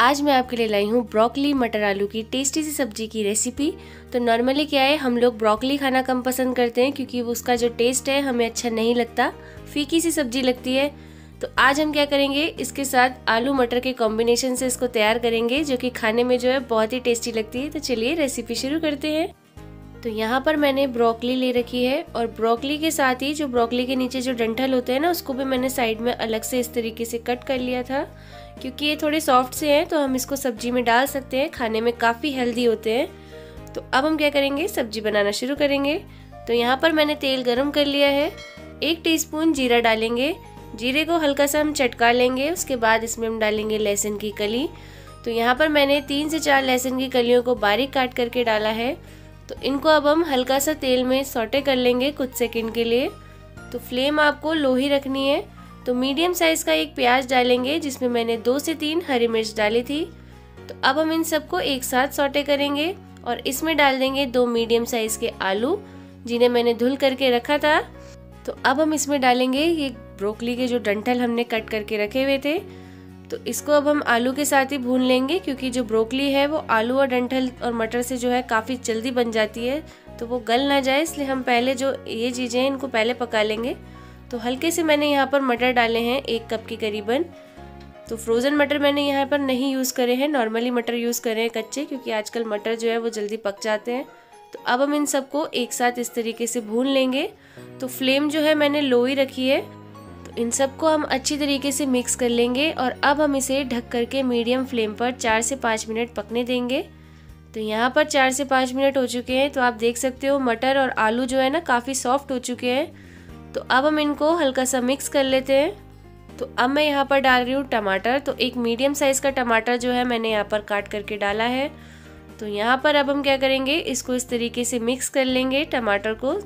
आज मैं आपके लिए लाई हूँ ब्रोकली मटर आलू की टेस्टी सी सब्जी की रेसिपी तो नॉर्मली क्या है हम लोग ब्रोकली खाना कम पसंद करते हैं क्योंकि उसका जो टेस्ट है हमें अच्छा नहीं लगता फीकी सी सब्जी लगती है तो आज हम क्या करेंगे इसके साथ आलू मटर के कॉम्बिनेशन से इसको तैयार करेंगे जो कि खाने में जो है बहुत ही टेस्टी लगती है तो चलिए रेसिपी शुरू करते हैं तो यहाँ पर मैंने ब्रोकली ले रखी है और ब्रोकली के साथ ही जो ब्रोकली के नीचे जो डंठल होते हैं ना उसको भी मैंने साइड में अलग से इस तरीके से कट कर लिया था क्योंकि ये थोड़े सॉफ्ट से हैं तो हम इसको सब्जी में डाल सकते हैं खाने में काफ़ी हेल्दी होते हैं तो अब हम क्या करेंगे सब्जी बनाना शुरू करेंगे तो यहाँ पर मैंने तेल गर्म कर लिया है एक टी जीरा डालेंगे जीरे को हल्का सा हम चटका लेंगे उसके बाद इसमें हम डालेंगे लहसुन की कली तो यहाँ पर मैंने तीन से चार लहसुन की कलियों को बारीक काट करके डाला है तो इनको अब हम हल्का सा तेल में सोटे कर लेंगे कुछ सेकंड के लिए तो फ्लेम आपको लो ही रखनी है तो मीडियम साइज़ का एक प्याज डालेंगे जिसमें मैंने दो से तीन हरी मिर्च डाली थी तो अब हम इन सबको एक साथ सोटे करेंगे और इसमें डाल देंगे दो मीडियम साइज़ के आलू जिन्हें मैंने धुल करके रखा था तो अब हम इसमें डालेंगे ये ब्रोकली के जो डंठल हमने कट करके रखे हुए थे तो इसको अब हम आलू के साथ ही भून लेंगे क्योंकि जो ब्रोकली है वो आलू और डंठल और मटर से जो है काफ़ी जल्दी बन जाती है तो वो गल ना जाए इसलिए हम पहले जो ये चीज़ें हैं इनको पहले पका लेंगे तो हल्के से मैंने यहाँ पर मटर डाले हैं एक कप के करीबन तो फ्रोज़न मटर मैंने यहाँ पर नहीं यूज़ करे हैं नॉर्मली मटर यूज़ करे हैं कच्चे क्योंकि आजकल मटर जो है वो जल्दी पक जाते हैं तो अब हम इन सबको एक साथ इस तरीके से भून लेंगे तो फ्लेम जो है मैंने लो ही रखी है इन सबको हम अच्छी तरीके से मिक्स कर लेंगे और अब हम इसे ढक करके मीडियम फ्लेम पर चार से पाँच मिनट पकने देंगे तो यहाँ पर चार से पाँच मिनट हो चुके हैं तो आप देख सकते हो मटर और आलू जो है ना काफ़ी सॉफ्ट हो चुके हैं तो अब हम इनको हल्का सा मिक्स कर लेते हैं तो अब मैं यहाँ पर डाल रही हूँ टमाटर तो एक मीडियम साइज़ का टमाटर जो है मैंने यहाँ पर काट करके डाला है तो यहाँ पर अब हम क्या करेंगे इसको इस तरीके से मिक्स कर लेंगे टमाटर को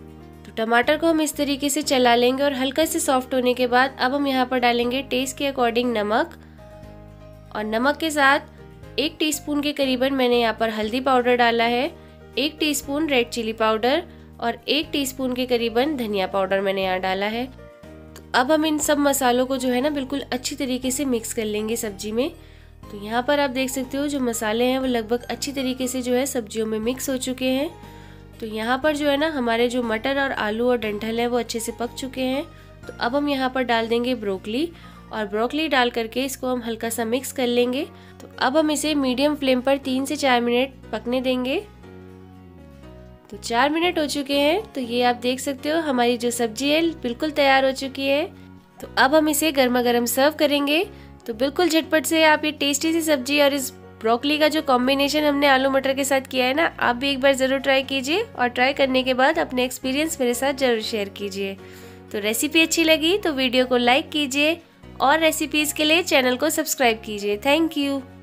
टमाटर को हम इस तरीके से चला लेंगे और हल्का से सॉफ्ट होने के बाद अब हम यहाँ पर डालेंगे टेस्ट के अकॉर्डिंग नमक और नमक के साथ एक टीस्पून के करीबन मैंने यहाँ पर हल्दी पाउडर डाला है एक टीस्पून रेड चिली पाउडर और एक टीस्पून के करीबन धनिया पाउडर मैंने यहाँ डाला है तो अब हम इन सब मसालों को जो है ना बिल्कुल अच्छी तरीके से मिक्स कर लेंगे सब्जी में तो यहाँ पर आप देख सकते हो जो मसाले हैं वो लगभग अच्छी तरीके से जो है सब्जियों में मिक्स हो चुके हैं तो यहाँ पर जो है ना हमारे जो मटर और आलू और डंठल है वो अच्छे से पक चुके हैं तो अब हम यहाँ पर डाल देंगे ब्रोकली और ब्रोकली डाल करके इसको हम हल्का सा मिक्स कर लेंगे तो अब हम इसे मीडियम फ्लेम पर तीन से चार मिनट पकने देंगे तो चार मिनट हो चुके हैं तो ये आप देख सकते हो हमारी जो सब्जी है बिल्कुल तैयार हो चुकी है तो अब हम इसे गर्मा गर्म सर्व करेंगे तो बिल्कुल झटपट से आप ये टेस्टी सी सब्जी और इस ब्रोकली का जो कॉम्बिनेशन हमने आलू मटर के साथ किया है ना आप भी एक बार ज़रूर ट्राई कीजिए और ट्राई करने के बाद अपने एक्सपीरियंस मेरे साथ ज़रूर शेयर कीजिए तो रेसिपी अच्छी लगी तो वीडियो को लाइक कीजिए और रेसिपीज़ के लिए चैनल को सब्सक्राइब कीजिए थैंक यू